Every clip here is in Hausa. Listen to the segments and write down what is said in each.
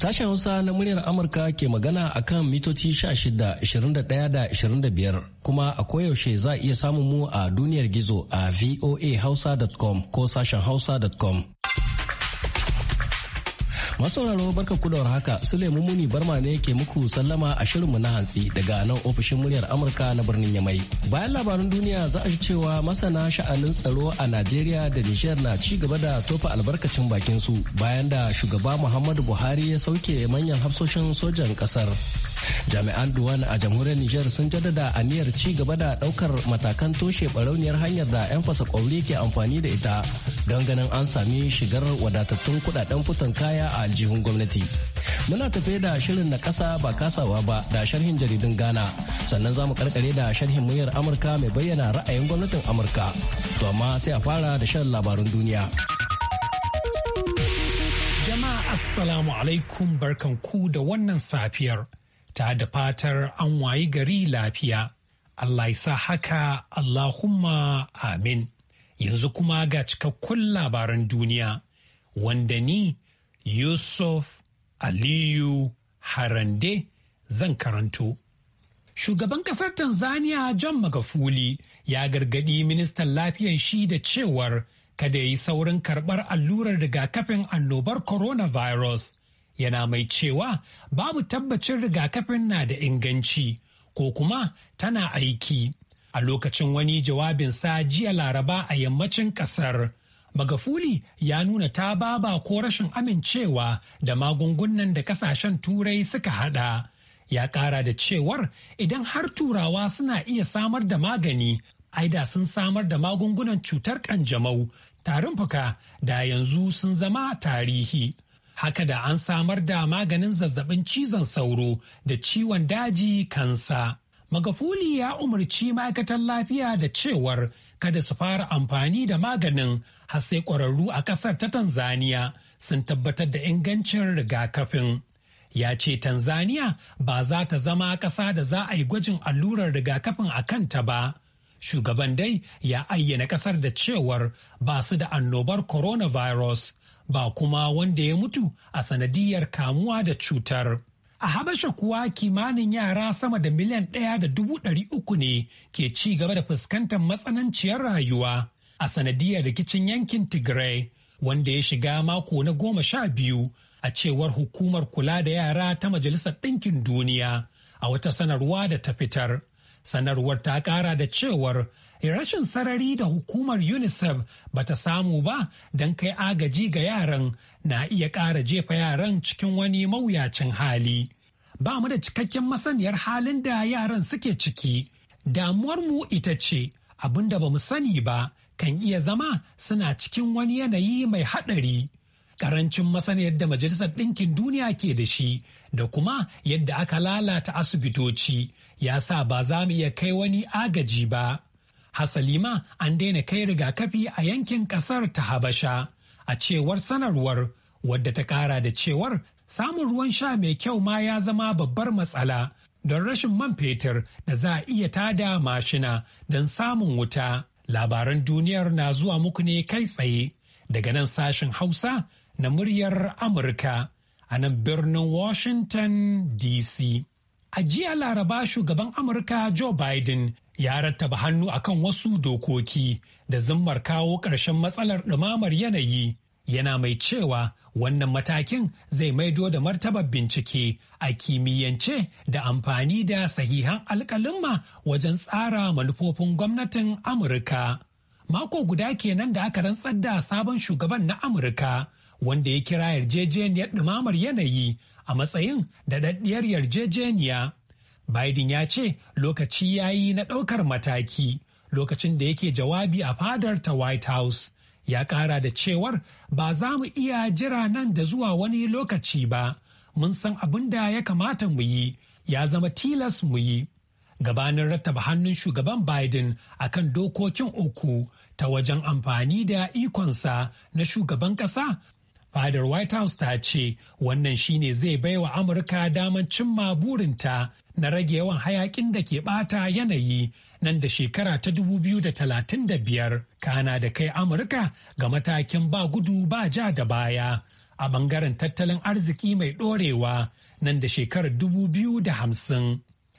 Sashen Hausa na muryar Amurka ke magana a kan mitoci 16, 21 da 25 kuma a koyaushe za a iya samun mu a duniyar gizo a voahausa.com ko sashen hausa.com. Masauraro barka kudawar haka Suleiman Muni Barma ne ke muku sallama a shirinmu na hantsi daga nan ofishin muryar Amurka na birnin Yamai. Bayan labaran duniya za a ji cewa masana sha'anin tsaro a Najeriya da Nijar na ci gaba da tofa albarkacin bakin su bayan da shugaba Muhammadu Buhari ya sauke manyan hafsoshin sojan kasar. Jami'an Duwan a jamhuriyar Nijar sun jaddada aniyar ci gaba da daukar matakan toshe barauniyar hanyar da 'yan fasa kwauri ke amfani da ita don ganin an sami shigar wadatattun kudaden fitan kaya a aljihun gwamnati. Muna tafe da shirin na kasa ba kasawa ba da sharhin jaridun Ghana, sannan za mu karkare da sharhin muryar Amurka mai bayyana ra'ayin gwamnatin Amurka. To amma sai a fara da shan labarun duniya. Jama'a Assalamu alaikum barkanku da wannan safiyar, ta da fatar an wayi gari lafiya. Allah ya sa haka Allahumma amin. Yanzu kuma ga cikakkun labaran duniya, wanda ni Yusuf Aliyu Harande zan karanto. Shugaban ƙasar Tanzania John Magafuli ya gargaɗi ministan lafiyan shi da cewar kada yi saurin karɓar allurar rigakafin annobar coronavirus. Yana mai cewa babu tabbacin rigakafin na da inganci ko kuma tana aiki. A lokacin wani jawabin sa jiya laraba a yammacin ƙasar. Magafuli ya nuna ta baba ko rashin amincewa da magungunan da kasashen turai suka hada. Ya kara da cewar idan har turawa suna iya samar da magani, aida sun samar da magungunan cutar kanjamau, tarin fuka da yanzu sun zama tarihi. Haka da an samar da maganin zazzabin cizon sauro da ciwon daji kansa. Magafuli ya umarci ma'aikatan lafiya da cewar kada su fara amfani da maganin har sai ƙwararru a ƙasar ta Tanzania sun tabbatar da ingancin rigakafin. Ya ce Tanzania ba za ta zama ƙasa da za a yi gwajin allurar rigakafin a kanta ba. Shugaban dai ya ayyana ƙasar da cewar ba su da annobar coronavirus ba kuma wanda ya mutu a sanadiyar kamuwa da cutar. A Habasha kuwa kimanin yara sama da miliyan ɗaya da dubu ɗari uku ne ke ci gaba da fuskantar matsananciyar rayuwa a sanadiyar rikicin yankin Tigray wanda ya shiga mako na goma sha biyu a cewar hukumar kula da yara ta Majalisar Ɗinkin Duniya a wata sanarwa da ta fitar. Sanarwar ta kara da cewar rashin sarari da hukumar UNICEF bata samu ba don kai agaji ga yaran na iya kara jefa yaran cikin wani mawuyacin hali. Ba mu da cikakken masaniyar halin da yaran suke ciki. damuwar mu ita ce abin da ba mu sani ba kan iya zama suna cikin wani yanayi mai haɗari. Karancin masana da Majalisar Ɗinkin Duniya ke da shi da kuma yadda aka lalata asibitoci ya sa ba za mu iya kai wani agaji ba. Hasalima an daina kai rigakafi a yankin kasar ta Habasha, a cewar sanarwar wadda ta kara da cewar samun ruwan sha mai kyau ma ya zama babbar matsala don rashin man fetur da za a iya tada mashina don samun wuta. Labaran duniyar na zuwa muku ne kai tsaye daga nan sashen Hausa na muryar Amurka a nan birnin Washington DC. A jiya Laraba shugaban Amurka Joe Biden ya rattaba hannu akan wasu dokoki da zimmar kawo ƙarshen matsalar ɗumamar yanayi. Yana mai cewa wannan matakin zai maido da martabar bincike a kimiyyance da amfani da sahihan alƙalimma wajen tsara manufofin gwamnatin Amurka. Mako guda kenan da aka rantsar da sabon shugaban na Amurka. wanda ya kira yarjejeniyar ɗumamar yanayi a matsayin daɗaɗɗiyar yarjejeniya. Biden ya ce lokaci ya yi na ɗaukar mataki lokacin da yake jawabi a fadar ta White House. Ya ƙara da cewar ba za mu iya jira nan da zuwa wani lokaci ba, mun san abin da ya kamata mu yi, ya zama tilas mu yi. Gabanin rattaba hannun shugaban Biden a kan dokokin uku ta wajen amfani da ikonsa na shugaban ƙasa fadar white house ta ce wannan shine zai bai wa amurka daman cimma burinta na rage yawan hayakin da ke bata yanayi nan da shekara ta 2035 kana da kai amurka ga matakin ba gudu ba ja da baya a bangaren tattalin arziki mai dorewa nan da shekarar 2050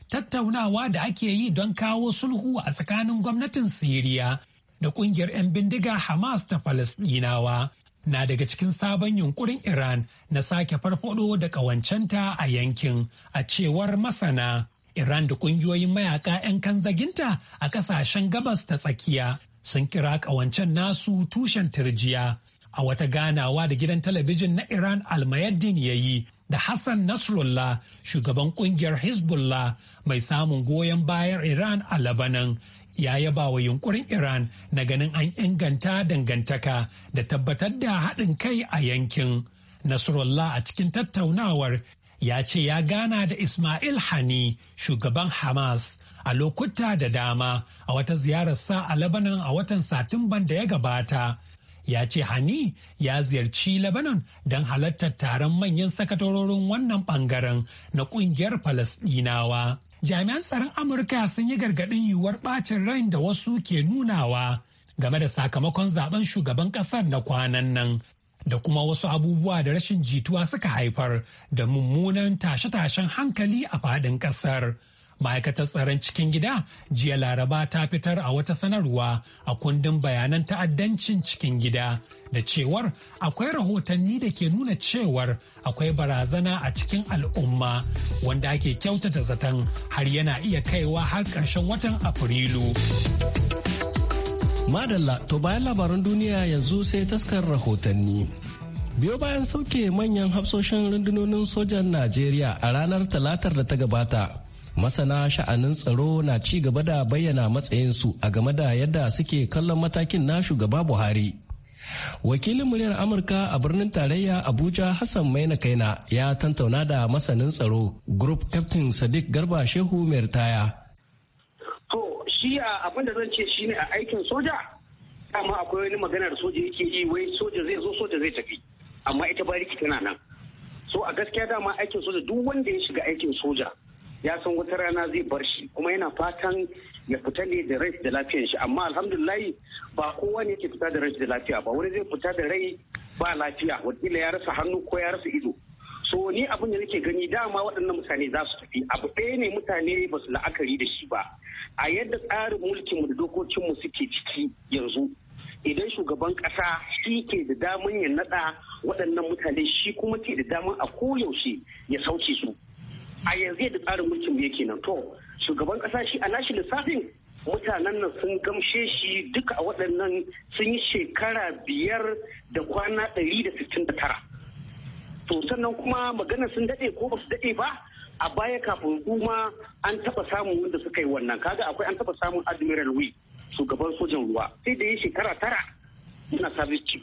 tattaunawa da ake yi don kawo sulhu a tsakanin gwamnatin siriya da kungiyar 'yan bindiga hamas ta falasdinawa na daga cikin sabon yunkurin Iran na sake farfado da ƙawancenta a yankin a cewar masana. Iran da ƙungiyoyin mayaka 'yan kanzaginta a ƙasashen gabas ta tsakiya sun kira ƙawancen nasu tushen turjiya. A wata ganawa da gidan talabijin na Iran Almayaddin ya yi da Hassan Nasrullah shugaban ƙungiyar Hezbollah mai samun goyon bayan Iran a Labanan ya yaba wa yunkurin Iran na ganin an inganta dangantaka da tabbatar da haɗin kai a yankin. Nasrullah a cikin tattaunawar ya ce ya gana da Ismail Hani shugaban Hamas a lokuta da dama a wata ziyararsa a Labanan a watan Satumban da ya gabata. Ya ce Hani ya ziyarci Labanan don halartar taron manyan sakatororin wannan ɓangaren na ƙungiyar Falasdinawa. jami'an tsaron amurka sun yi gargaɗin yiwuwar ɓacin rai da wasu ke nunawa game da sakamakon zaben shugaban ƙasar na kwanan nan da kuma wasu abubuwa da rashin jituwa suka haifar da mummunan tashe-tashen hankali a faɗin ƙasar. ma'aikatar tsaron cikin gida jiya laraba ta fitar a wata sanarwa a kundin bayanan ta'addancin cikin gida da cewar akwai rahotanni da ke nuna cewar akwai barazana a cikin al'umma wanda ake kyautata zaton har yana iya kaiwa har ƙarshen watan afrilu madalla to bayan labaran duniya yanzu sai taskar rahotanni biyo bayan sauke manyan hafsoshin rundunonin sojan najeriya a ranar talatar da ta gabata masana sha'anin tsaro na ci gaba da bayyana matsayinsu a game da yadda suke kallon matakin na shugaba buhari wakilin muryar amurka a birnin tarayya abuja hassan maina kaina ya tantauna da masanin tsaro group captain sadiq garba shehu mai ritaya to shi abin da zan ce ne a aikin soja amma akwai wani maganar soja yake yi wai soja zai zo soja zai tafi amma ita rikita na nan so a gaskiya dama aikin soja duk wanda ya shiga aikin soja ya san wata rana zai bar shi kuma yana fatan ya fita ne da rai da lafiyar shi amma alhamdulillah ba kowa ne yake fita da rai da lafiya ba wani zai fita da rai ba lafiya wakila ya rasa hannu ko ya rasa ido so ni abin da nake gani dama waɗannan mutane za su tafi abu ɗaya ne mutane ba su la'akari da shi ba a yadda tsarin mulkinmu da dokokinmu suke ciki yanzu idan shugaban ƙasa shi ke da damar ya naɗa waɗannan mutane shi kuma ke da damar a koyaushe ya sauke su a yanzu da tsarin mulkin yake nan to shugaban kasa shi a nashi lissafin mutanen nan sun gamshe shi duka a waɗannan sun yi shekara biyar da kwana ɗari da sittin da tara to sannan kuma magana sun daɗe ko ba su daɗe ba a baya kafin kuma an taɓa samun wanda suka yi wannan kaga akwai an taɓa samun admiral wi shugaban sojan ruwa sai da ya shekara tara yana service chief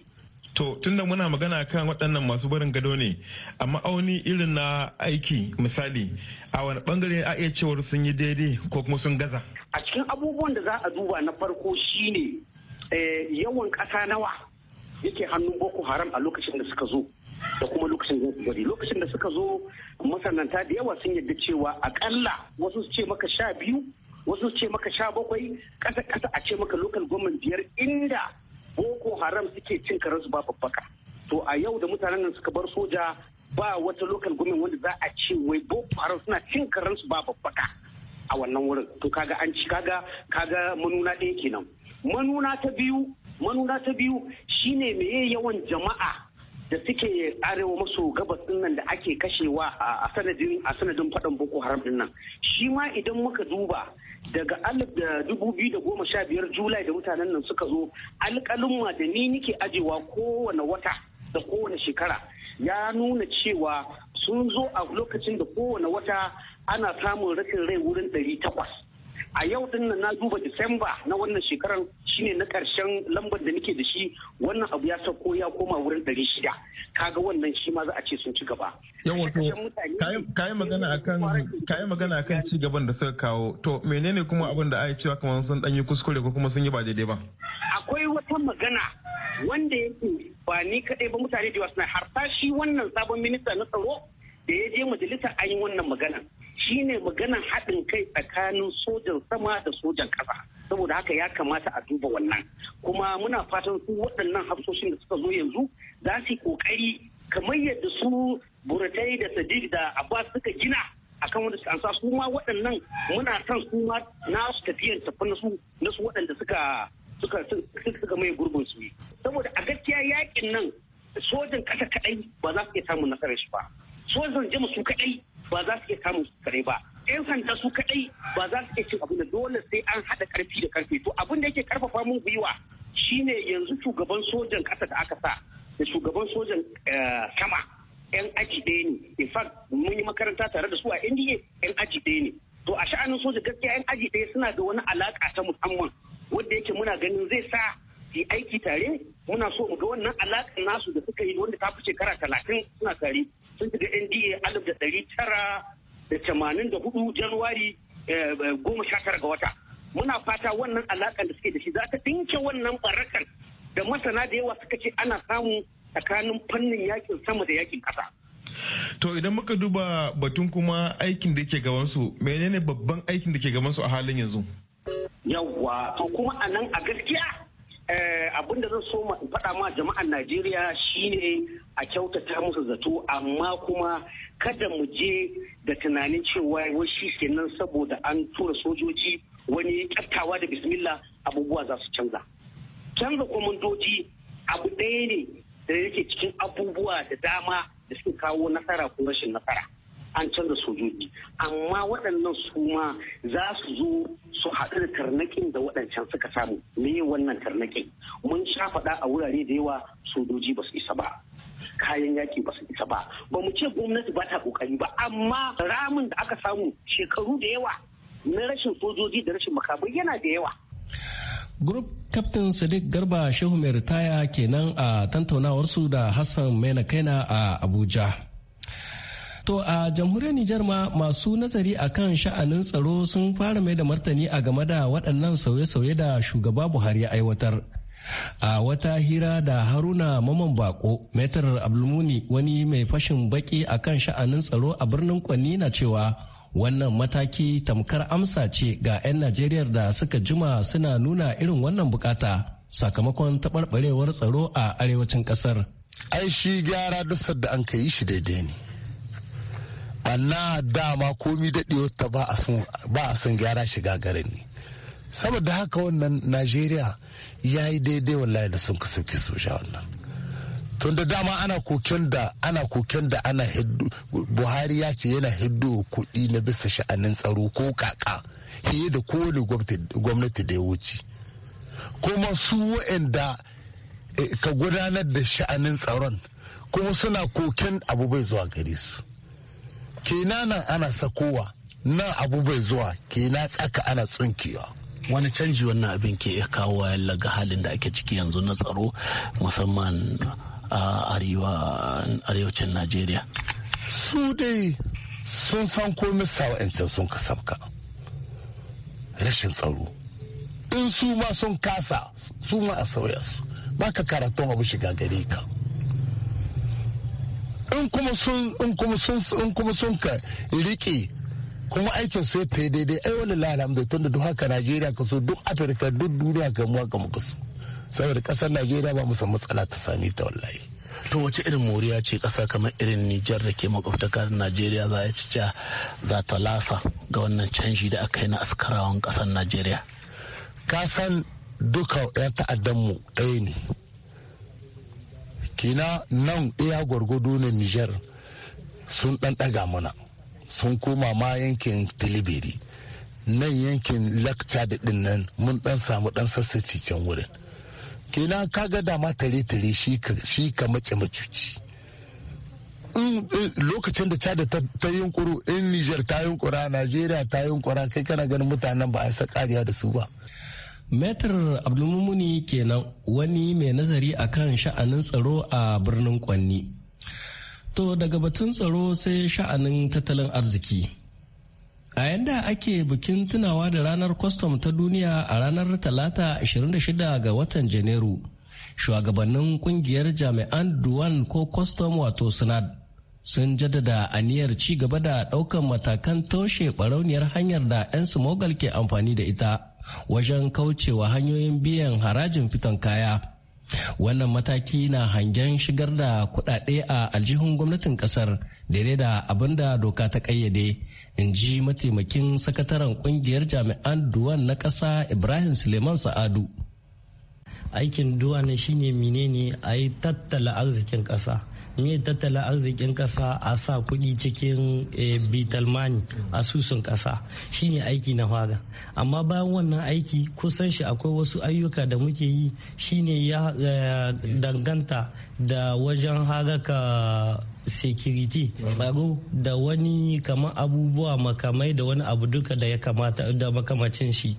To tunda muna magana kan waɗannan masu barin gado ne, a ma'auni irin na aiki misali a wani bangare a iya cewar sun yi daidai ko kuma sun gaza. A cikin abubuwan da za a duba na farko shine eh, yawan ƙasa nawa yake hannun Boko Haram a lokacin da suka zo da kuma lokacin da Lokacin da suka zo masananta da yawa sun yarda cewa akalla wasu su ce maka sha biyu wasu su ce maka sha bakwai ƙasa kasa a ce maka lokal gwamnan biyar inda boko haram suke cin karansu ba babbaka to a yau da mutanen nan suka bar soja ba wata lokal gwamnati wanda za a ce wai boko haram suna cin karansu ba babbaka a wannan wurin to kaga an ci kaga kaga manuna ɗaya kenan manuna ta biyu manuna ta biyu shine meye yawan jama'a da suke arewa maso gabas din nan da ake kashewa a sanadin a sanadin faɗan boko haram din nan shi ma idan muka duba daga alif da dubu biyu da goma sha biyar julai da mutanen nan suka zo alƙalin da ni nike ajewa kowane wata da kowane shekara ya nuna cewa sun zo a lokacin da kowane wata ana samun rashin rai wurin ɗari takwas a yau din nan na duba disamba na wannan shekarar shine na karshen lambar da nake da shi wannan abu ya sauko ya koma wurin ɗari shida kaga wannan shi ma za a ce sun ci gaba kayi magana a kan ci gaban da suka kawo to menene kuma abin da ai cewa kamar sun dan yi kuskure ko kuma sun yi ba daidai ba akwai wata magana wanda yake ba ni kadai ba mutane da yawa suna harsashi wannan sabon minista na tsaro da ya je majalisa an yi wannan magana shine maganan haɗin kai tsakanin sojan sama da sojan ƙasa saboda haka ya kamata a duba wannan kuma muna fatan su waɗannan hafsoshin da suka zo yanzu za su yi ƙoƙari kamar yadda su buratai da sadiq da abbas suka gina akan wanda suka ansa su ma waɗannan muna son su ma na su tafiyar tafi na su na su waɗanda suka suka suka mai gurbin su saboda a gaskiya yakin nan sojan ƙasa kaɗai ba za su iya samun nasarar shi ba sojan jama su kaɗai ba za su iya samun su kare ba yan sanda su kaɗai ba za su iya cin abin da dole sai an haɗa ƙarfi da ƙarfi. to abin da yake ƙarfafa mun gwiwa shine yanzu shugaban sojan ƙasa da aka sa da shugaban sojan eh, sama yan aji ɗaya ne in fact mun yi makaranta tare da su a NDA yan aji ɗaya ne to a sha'anin sojan gaskiya yan aji ɗaya suna da wani alaƙa ta musamman wanda yake muna ganin zai sa yi aiki tare muna so mu ga wannan alaƙa nasu da suka yi wanda ta fi shekara talatin suna tare sun shiga NDA alif da ɗari tara da tamanin da hudu Januwari eh, goma sha tara ga wata. Muna fata wannan alaƙar da suke da shi za ta dinke wannan barakar. da masana da yawa suka ce ana samu tsakanin fannin yakin sama da yakin ƙasa. To idan muka duba batun kuma aikin da ke gabansu menene babban aikin da ke gabansu a halin yanzu? Yawwa to kuma a nan a gaskiya Eh, abin da zan so faɗa ma jama'an najeriya shine a kyautata musu zato amma kuma kada mu je da tunanin cewa wai shi kenan saboda an tura sojoji wani kattawa da bismillah abubuwa za su canza canza komandoji abu ɗaya ne da yake cikin abubuwa da dama da suke kawo nasara ko rashin nasara an canza sojoji amma waɗannan su ma za su zo su haɗu da tarnaƙin da waɗancan suka samu me wannan tarnaƙin mun sha faɗa a wurare da yawa sojoji ba su isa ba kayan yaƙi ba su isa ba ba mu ce gwamnati ba ta ƙoƙari ba amma ramin da aka samu shekaru da yawa na rashin sojoji da rashin makamai yana da yawa Group Captain Sadiq Garba Shehu mai ritaya kenan a tantaunawarsu da Hassan Maina Kaina a Abuja. To a jamhuriyar Nijar ma masu nazari a kan sha'anin tsaro sun fara mai da martani a game da waɗannan sauye-sauye da shugaba Buhari ya aiwatar. a wata hira da haruna maman bako metar abdulmuni wani mai fashin baki kan sha'anin tsaro a birnin kwanni na cewa wannan mataki tamkar amsa ce ga 'yan Najeriya da suka jima suna nuna irin wannan bukata sakamakon taɓarɓarewar tsaro a arewacin ƙasar ai shi gyara dusar da an ka yi shi daidai ne na dama komi daɗewar ta ba a son gyara shiga garin ni saboda haka wannan najeriya ya yi daidai wallahi da sun kasance soja wannan tun da dama ana koken da ana koken da ana hiddu buhari ya ce yana hiddo kuɗi na bisa sha'anin tsaro ko kaka fiye da kowane gwamnati da ya wuce kuma su wa'anda eh, ka gudanar da sha'anin tsaron kuma suna koken abu bai zuwa gare su Kinanan ana sakowa nan abu bai zuwa kenan tsaka ana tsunkewa wani canji wannan abin ke ya kawo laga halin da ake ciki yanzu na tsaro musamman a arewacin najeriya su dai sun san komi sawa'ancin sun sabka rashin tsaro in su ma sun kasa su ma a sauya su baka karatun abu shiga gare ka in kuma sun in kuma sun in kuma sun ka rike kuma aikin su ta yi daidai ai wani lalamda tun da duk haka najeriya ka so duk afirka duk duniya ka muwa ka muka so saboda kasar najeriya ba san matsala ta sami ta wallahi to wace irin moriya ce kasa kamar irin nijar da ke makwabtakar najeriya za a cica za ta lasa ga wannan canji da aka yi na askarawan kasar najeriya ka san duka ya ta'addanmu ɗaya ne kina nan iya gwargwado na niger sun ɗan ɗaga mana sun koma ma yankin tilibiri nan yankin lakta da ɗin nan mun ɗan samu ɗan sassaci can wurin ka ga dama tare-tare shi ka mace macuci eh, lokacin da cada ta yunkuru in niger ta yunkura najeriya ta yunkura kai kana ganin mutanen ba a sa kariya da su ba Metar Abdulmumuni kenan wani mai nazari a kan sha'anin tsaro a birnin Kwanni. To daga batun tsaro sai sha'anin tattalin arziki. A yanda ake bikin tunawa da ranar kwastam ta duniya a ranar talata 26 ga watan Janairu, shugabannin kungiyar jami'an Duwan ko kwastam wato Sinad sun jaddada aniyar ci gaba da ɗaukan matakan toshe ɓarauniyar hanyar da 'yan smogal ke amfani da ita wajen kaucewa hanyoyin biyan harajin fiton kaya. Wannan mataki na hangen shigar da kuɗaɗe a aljihun gwamnatin ƙasar daidai da abin da doka ta ƙayyade, in ji mataimakin sakataren ƙungiyar jami'an duwan na ƙasa Ibrahim Suleiman Sa'adu. Aikin duwa shine menene a yi tattala arzikin ƙasa. in tattalin arzikin kasa a sa kuɗi cikin eh, bitalmani asusun ƙasa shine aiki na fara amma bayan wannan aiki kusan shi akwai wasu ayyuka da muke yi shine ya eh, danganta da wajen haraka security tsaro da wani kama abubuwa makamai da wani abu duka da ya kamata da makamacin shi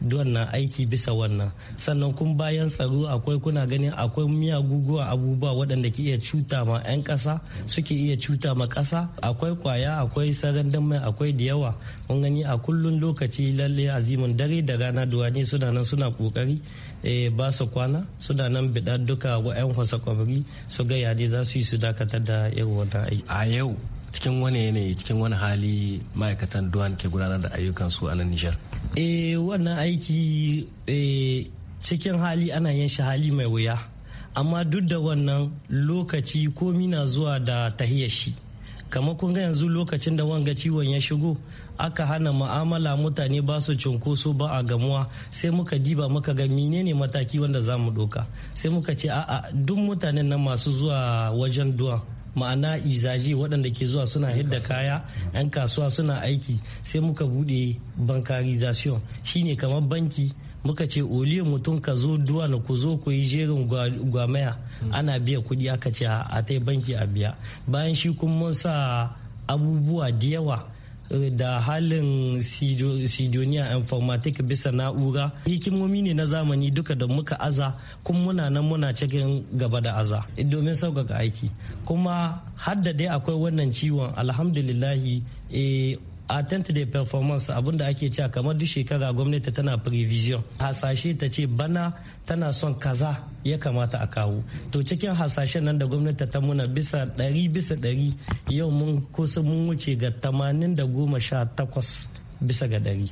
don na aiki bisa wannan sannan kun bayan tsaro akwai kuna ganin akwai guguwa abubuwa waɗanda ke iya cuta ma 'yan ƙasa suke iya cuta ma ƙasa akwai kwaya akwai sarandan mai akwai da yawa mun gani a kullun lokaci lalle azimin dare da rana duwane suna nan suna kokari eh, ba su kwana suna nan biɗa duka wa 'yan kwasa kwabari su ga yadi za su yi su dakatar da irin wata a yau cikin wani yanayi cikin wani hali ma'aikatan duwan ke gudanar da ayyukan su a nan nijar eh wannan aiki eh, cikin hali ana yin shi hali mai wuya amma duk da wannan lokaci komi na zuwa da tahiyar shi kamar kun ga yanzu lokacin da wanga ciwon ya shigo aka hana ma'amala mutane ba su cunkoso ba a gamuwa sai muka diba muka ga menene mataki wanda za mu doka sai muka ce a'a duk mutanen nan masu zuwa wajen duwan ma'ana izaji waɗanda ke zuwa suna hidda kaya 'yan kasuwa suna aiki sai muka buɗe shi ne kamar banki muka ce oliyo mutum ka zo duwa na ku zo ku yi jerin gwamaya hmm. ana biya kuɗi aka ce a ta banki a biya bayan shi kuma mun sa abubuwa da yawa da halin sidoniya informatic bisa na'ura hikimomi ne na zamani duka da muka aza kuma muna nan muna cikin gaba da aza domin sauƙaƙa aiki kuma har dai akwai wannan ciwon alhamdulillahi eh, atteinte de performance abinda ake cewa kamar duk shekara gwamnati tana prevision hasashe ta ce bana tana son kaza ya kamata a kawo to cikin hasashen nan da gwamnati ta muna bisa ɗari bisa ɗari yau mun kusa mun wuce ga tamanin da goma sha takwas bisa ga ɗari.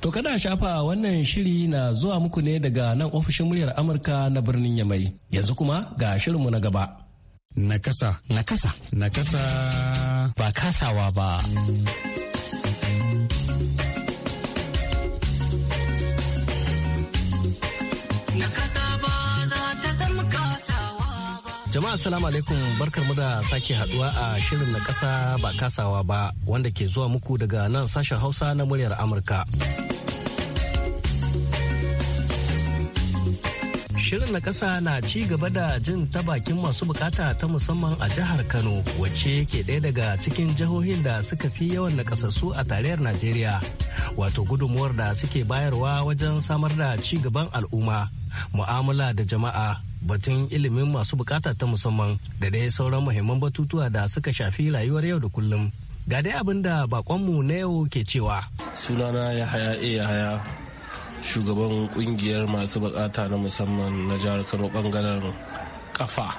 To kada shafa wannan shiri na zuwa muku ne daga nan ofishin muryar Amurka na birnin Yamai. Yanzu kuma ga shirinmu na gaba. Nakasa. Nakasa. Nakasa. Ba kasawa ba. Jama'a salamu alaikum barkar mu da sake haduwa a shirin na kasa ba kasawa ba wanda ke zuwa muku daga nan sashen Hausa na muryar Amurka. Shirin na kasa na ci gaba da jin ta bakin masu bukata ta musamman a jihar Kano wacce ke ɗaya daga cikin jihohin da suka fi yawan nakasassu a tarayyar Najeriya. Wato gudunmuwar da suke bayarwa wajen samar da ci gaban al'umma. mu'amala da jama'a batun ilimin masu bukata ta musamman da dai sauran muhimman batutuwa da suka shafi rayuwar yau da kullum ga dai abin da bakonmu na yau ke cewa sunana ya haya e haya shugaban kungiyar masu bukata na musamman na jihar kano bangaren kafa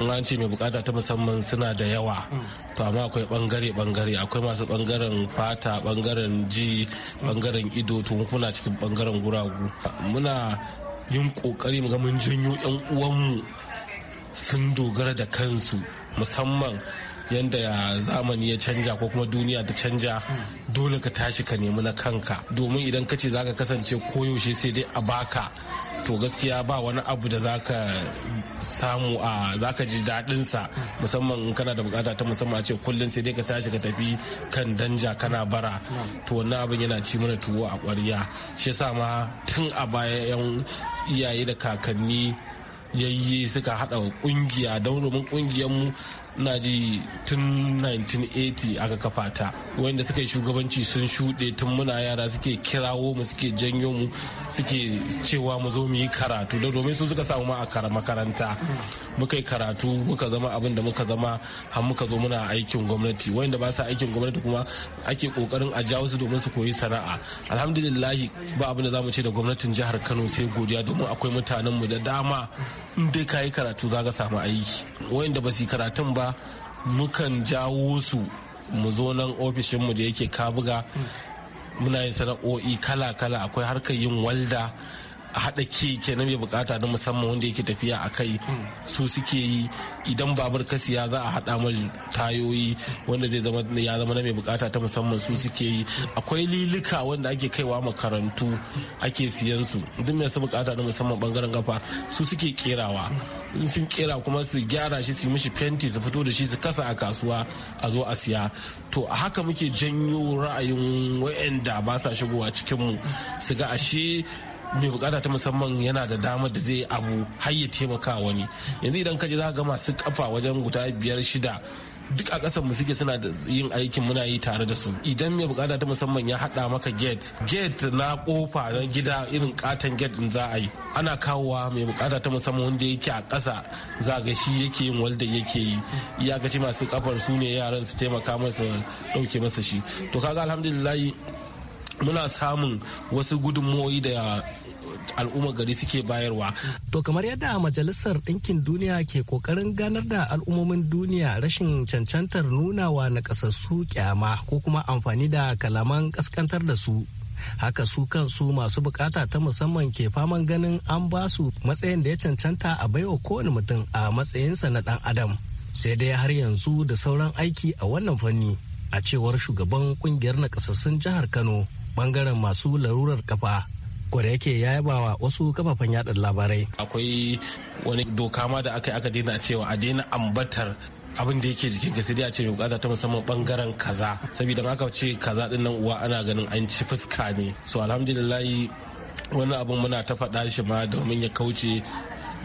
in ce mai bukata ta musamman suna da yawa to amma akwai bangare bangare akwai masu bangaren fata bangaren ji bangaren ido to kuna cikin bangaren guragu muna yin kokari ga mun janyo yan uwanmu sun dogara da kansu musamman yadda zamani ya canja ko kuma duniya ta canja dole ka tashi ka nemi na kanka domin idan ka ce za ka kasance koyaushe sai dai a baka to gaskiya ba wani abu da zaka samu a zaka ji daɗin sa musamman in kana da bukata ta musamman a ce kullun sai dai ka tashi ka tafi kan danja kana bara to wannan abin yana ci mana tuwo a ƙwarya shi yasa ma tun a baya yan iyaye da kakanni yayye suka haɗa ƙungiya don domin mu. na ji tun 1980 aka kafa ta wanda suka yi shugabanci sun shuɗe tun muna yara suke kirawo mu suke janyo mu suke cewa mu zo mu yi karatu da domin su suka samu ma a makaranta muka yi karatu muka zama abin da muka zama har muka zo muna aikin gwamnati wanda ba sa aikin gwamnati kuma ake kokarin a jawo su domin su koyi sana'a alhamdulillahi ba abin da zamu ce da gwamnatin jihar Kano sai godiya domin akwai mutanen mu da dama in dai yi karatu zaka samu aiki wanda ba su karatun ba ba mukan jawo su mu zo nan ofishinmu da yake kabuga muna yin sana'o'i kala-kala akwai harkar yin walda a haɗa keke na mai bukata na musamman wanda yake tafiya a kai su suke yi idan babur kasiya ya za a haɗa mai tayoyi wanda zai zama ya zama na mai bukata ta musamman su suke yi akwai lilika wanda ake kaiwa makarantu ake siyan su duk mai su bukata na musamman bangaren kafa su suke kerawa in sun kera kuma su gyara shi su yi mishi fenti su fito da shi su kasa a kasuwa a zo a siya to a haka muke janyo ra'ayin wa'anda ba sa shigowa cikinmu su ga ashe mai bukata ta musamman yana da damar da zai abu har ya taimaka wani yanzu idan ka je za ga masu kafa wajen guda biyar shida duk a ƙasar mu suke suna yin aikin muna yi tare da su idan mai bukata ta musamman ya haɗa maka gate gate na kofa na gida irin katon gate din za a yi ana kawowa mai bukata ta musamman wanda yake a ƙasa za ga shi yake yin walda yake yi Ya ga masu kafar su ne yaran su taimaka masa ɗauke masa shi to kaga alhamdulillahi muna samun wasu gudunmoyi da al'umma gari suke bayarwa. To kamar yadda majalisar ɗinkin duniya ke ƙoƙarin ganar da al'ummomin duniya rashin cancantar nunawa na ƙasassu kyama ko kuma amfani da kalaman ƙaskantar da su. haka su kansu masu bukata ta musamman ke faman ganin an ba su matsayin da ya cancanta a baiwa kowane mutum a matsayinsa na ɗan adam sai dai har yanzu da sauran aiki a wannan fanni a cewar shugaban kungiyar naƙasassun jihar kano bangaren masu larurar kafa kore yake ya yaba wa wasu kafafen yada labarai akwai wani doka ma da aka aka daina cewa a daina ambatar abin da yake jikin ka sai dai a ce mai bukata ta musamman bangaren kaza saboda aka ce kaza din nan uwa ana ganin an ci fuska ne so alhamdulillah wani abin muna ta faɗa shi ma domin ya kauce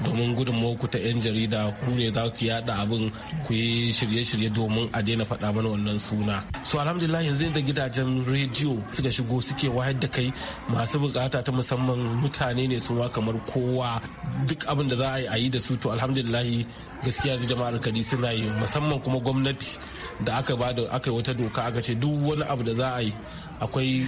domin gudunmawar ku ta 'yan jarida ku ne za ku yada abin ku yi shirye-shirye domin a daina faɗa mana wannan suna su alhamdulillah yanzu da gidajen rediyo suka shigo suke wayar da kai masu bukata ta musamman mutane ne suma kamar kowa duk abin da za a yi da su to alhamdulillah gaskiya yanzu jama'ar alkali suna yi musamman kuma gwamnati da aka ba da aka yi wata doka aka ce duk wani abu da za a yi akwai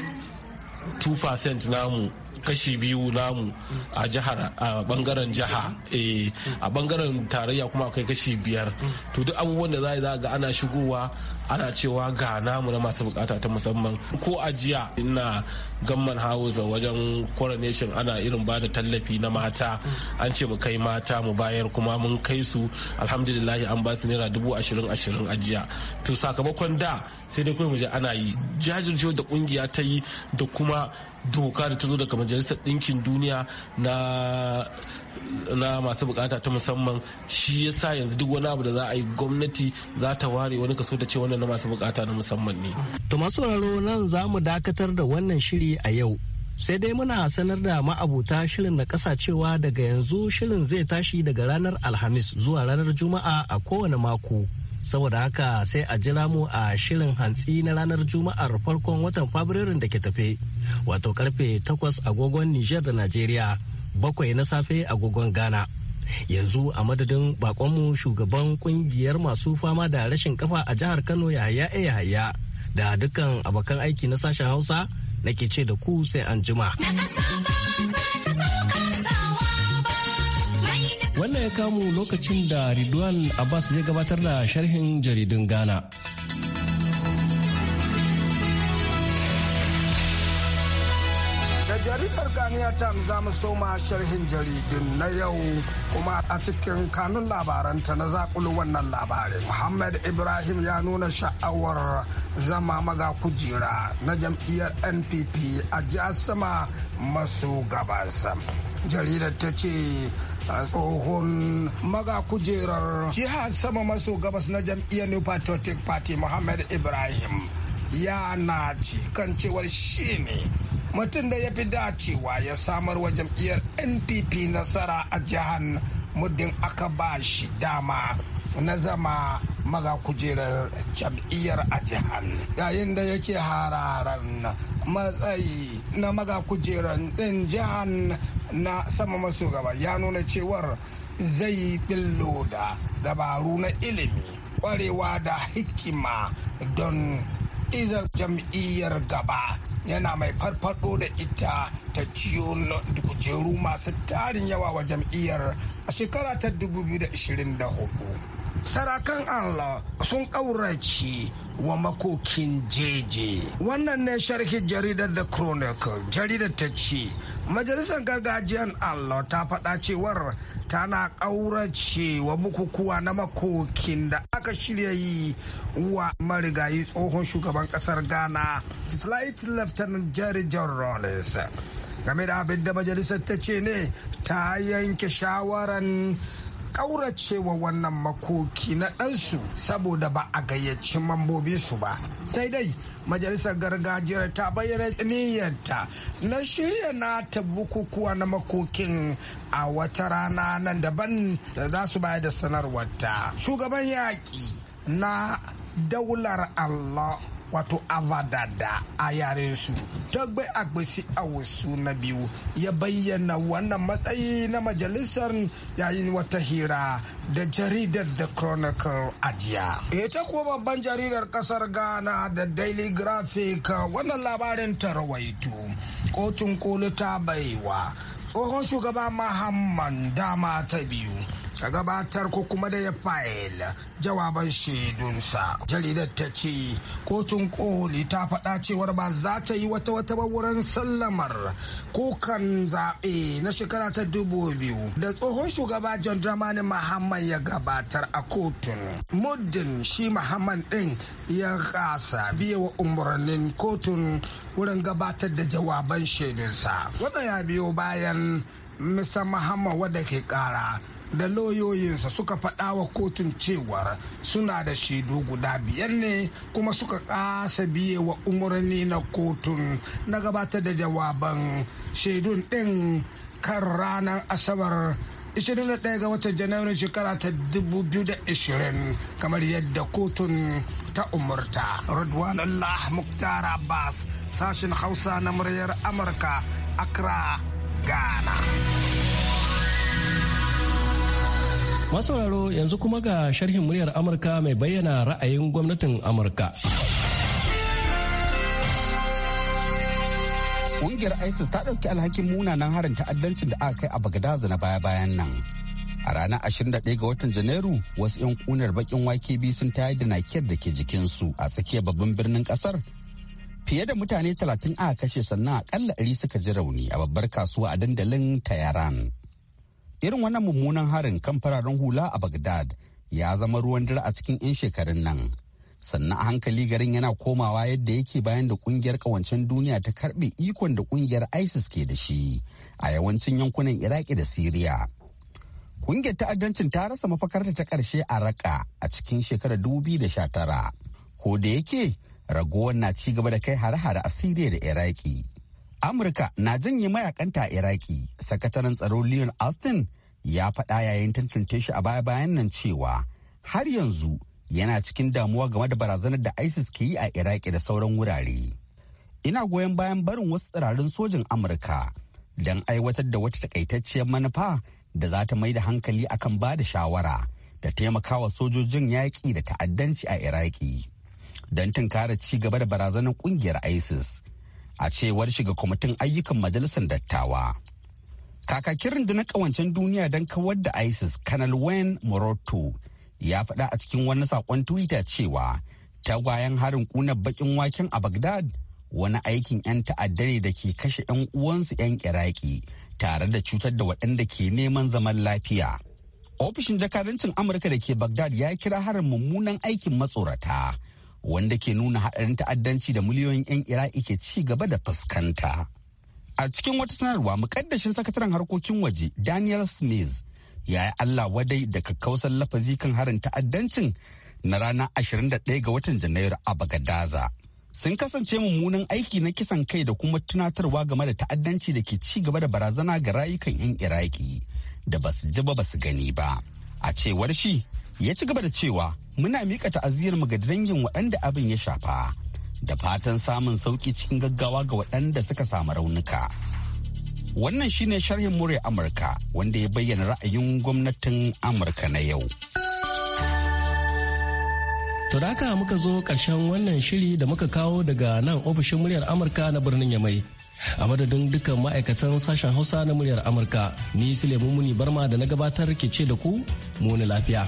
2% namu kashi biyu namu a jihar a bangaren jiha eh, a bangaren tarayya kuma akwai kashi biyar to duk abubuwan da za a ga ana shigowa ana cewa ga namu na masu bukata ta musamman ko ajiya ina gamman hausa wajen coronation ana irin ba da tallafi na mata an ce mu kai mata mu bayar kuma mun kai su alhamdulillahi an ba su naira dubu ashirin ashirin ajiya to sakamakon da sai dai kawai mu ana yi jajircewa da kungiya ta yi da kuma doka da ta zo daga majalisar ɗinkin duniya na na masu bukata ta musamman shi ya sa yanzu duk wani abu da za a yi gwamnati za ta ware wani kaso ta ce wannan na masu bukata na musamman ne. To masu sauraro nan za mu dakatar da wannan shiri a yau. Sai dai muna sanar da ma'abuta shirin na kasa cewa daga yanzu shirin zai tashi daga ranar Alhamis zuwa ranar Juma'a a kowane mako. Saboda haka sai a jira mu a shirin hantsi na ranar Juma'ar farkon watan Fabrairun da ke tafe, wato karfe 8 agogon Nijar da Najeriya. bakwai na safe agogon Ghana. Yanzu a madadin bakonmu shugaban kungiyar masu fama da rashin kafa a jihar Kano Yahaya Yahaya da dukkan abokan aiki na sashen Hausa nake ce da ku sai an jima. Wannan ya kamu lokacin da Ridwan Abbas zai gabatar da sharhin jaridun Ghana. jaridar Ghana Times za mu soma sharhin jaridun na yau kuma a cikin kanun labaranta na zakulu wannan labarin. Muhammad Ibrahim ya nuna sha'awar zama maga kujera na jam'iyyar NPP a jihar sama maso gabas. Jaridar ta ce tsohon maga kujerar jihar sama maso gabas na jam'iyyar New Patriotic Party Muhammad Ibrahim ya na kan cewar shi ne mutum da ya fi dacewa ya samar wa jam'iyyar npp nasara a jihar muddin aka ba shi dama na zama maga kujerar jam'iyyar a jihar yayin da yake hararan matsayi na maga kujerar ɗin jihar na sama maso gaba ya nuna cewar zai billo da dabaru na ilimi kwarewa da hikima don iza jam'iyyar gaba yana mai farfado da ita ta ciyo kujeru masu tarin yawa wa jam'iyyar a shekara ta 2024 sarakan Allah sun ƙaurace wa makokin jeje. Wannan ne sharhin jaridar The Chronicle, jaridar ta ce, Majalisar gargajiyar Allah ta faɗa cewar tana ƙaurace wa bukukuwa na makokin da aka shirya yi wa marigayi tsohon shugaban ƙasar Ghana, Flight Lieutenant Jerry John rollins game da abin da majalisar ta ce ne ta yanke shawaran wa wannan makoki na ɗansu saboda ba a gayyaci su ba sai dai majalisar gargajiyar ta bayyana niyyarta na shirya nata bukukuwa na makokin a wata rana nan daban da za su bayar da sanarwarta shugaban yaƙi na daular allah wato avadada a yaren su tagbe agbasi a wasu na biyu ya bayyana wannan matsayi na majalisar yayin wata hira da jaridar the chronicle a jiya ta kuwa babban jaridar kasar ghana da daily graphic wannan labarin ta rawaito kotun koli ta baiwa tsohon shugaba mahamman dama ta biyu ta gabatar ko kuma da ya fayil jawaban shaidunsa jaridar ta ce kotun koli ta faɗa cewar ba za ta yi wata wata ba wurin sallamar kukan zaɓe na shekara ta dubu biyu da tsohon shugaba john dramani Muhammad ya gabatar a kotun muddin shi Muhammad ɗin ya kasa biya wa umarnin kotun wurin gabatar da jawaban shaidunsa wannan ya biyo bayan mr Muhammad wadda ke kara da lauyoyinsa suka faɗa wa kotun cewar suna da shaidu guda biyar ne kuma suka ƙasa biye wa umarni na kotun na gabatar da jawaban shaidun ɗin kan ranar asabar 21 ga watan janairun shekara ta 2020 kamar yadda kotun ta umarta. rudwan Allah Muktar Abbas sashen Hausa na muryar Amurka Accra, Ghana. Masauraro yanzu kuma ga sharhin muryar Amurka mai bayyana ra'ayin gwamnatin Amurka. Ƙungiyar ISIS ta ɗauki alhakin munanan harin ta'addancin da aka kai a Bagdaza na baya-bayan nan. A ranar 21 ga watan Janairu wasu 'yan kunar bakin wake biyu sun tayar da nakiyar da ke jikinsu a tsakiyar babban birnin kasar. Fiye da mutane 30 aka kashe sannan akalla 100 suka ji rauni a babbar kasuwa a dandalin Tayaran. irin wannan mummunan harin kan fararen hula a baghdad ya zama ruwan dare a cikin 'yan shekarun nan sannan a hankali garin yana komawa yadda yake bayan da kungiyar kawancen duniya ta karbe ikon da kungiyar isis ke da shi a yawancin yankunan iraki da siriya kungiyar ta'addancin ta rasa mafakarta ta karshe a raka a cikin shekarar 2019 ko da yake ragowar na ci gaba da kai hare-hare a siriya da iraki amurka na janye mayakanta a iraki sakataren tsaro leon austin ya faɗa yayin tantance shi a baya bayan nan cewa har yanzu yana cikin damuwa game da barazanar da isis ke yi a iraki da sauran wurare ina goyon bayan barin wasu tsirarin sojin amurka don aiwatar da wata takaitacciyar manufa da za ta mai da hankali akan ba da shawara da taimakawa sojojin yaƙi da ta'addanci a iraki don tunkara ci gaba da barazanar ƙungiyar isis a cewar shiga kwamitin ayyukan majalisar dattawa. Kakakin rundunar kawancen duniya don kawar da ISIS, Kanal Wayne Morotu ya faɗa a cikin wani saƙon Twitter cewa ta tagwayen harin ƙunar baƙin waken a Baghdad wani aikin 'yan ta'adda ne da ke kashe 'yan uwansu 'yan Iraki tare da cutar da waɗanda ke neman zaman lafiya. Ofishin jakadancin Amurka da ke Baghdad ya kira harin mummunan aikin matsorata wanda ke nuna haɗarin ta'addanci da miliyoyin 'yan iraki ke ci gaba da fuskanta a cikin wata sanarwa mukaddashin sakataren harkokin waje daniel smith ya yi allah wadai da kakkausar lafazi kan harin ta'addancin na ranar 21 ga watan janairu a bagadaza sun kasance mummunan aiki na kisan kai da kuma tunatarwa game da ta'addanci da ke ci gaba da barazana ga rayukan 'yan iraki da basu ji ba basu gani ba a cewar shi ya ci gaba da cewa muna mika ta'aziyar mu ga dangin waɗanda abin ya shafa da fatan samun sauki cikin gaggawa ga waɗanda suka samu raunuka. Wannan shine sharhin mure Amurka wanda ya bayyana ra'ayin gwamnatin Amurka na yau. To muka zo karshen wannan shiri da muka kawo daga nan ofishin muryar Amurka na birnin Yamai. A madadin dukkan ma'aikatan sashen Hausa na muryar Amurka, ni Sule Muni Barma da na gabatar ke ce da ku, muni lafiya.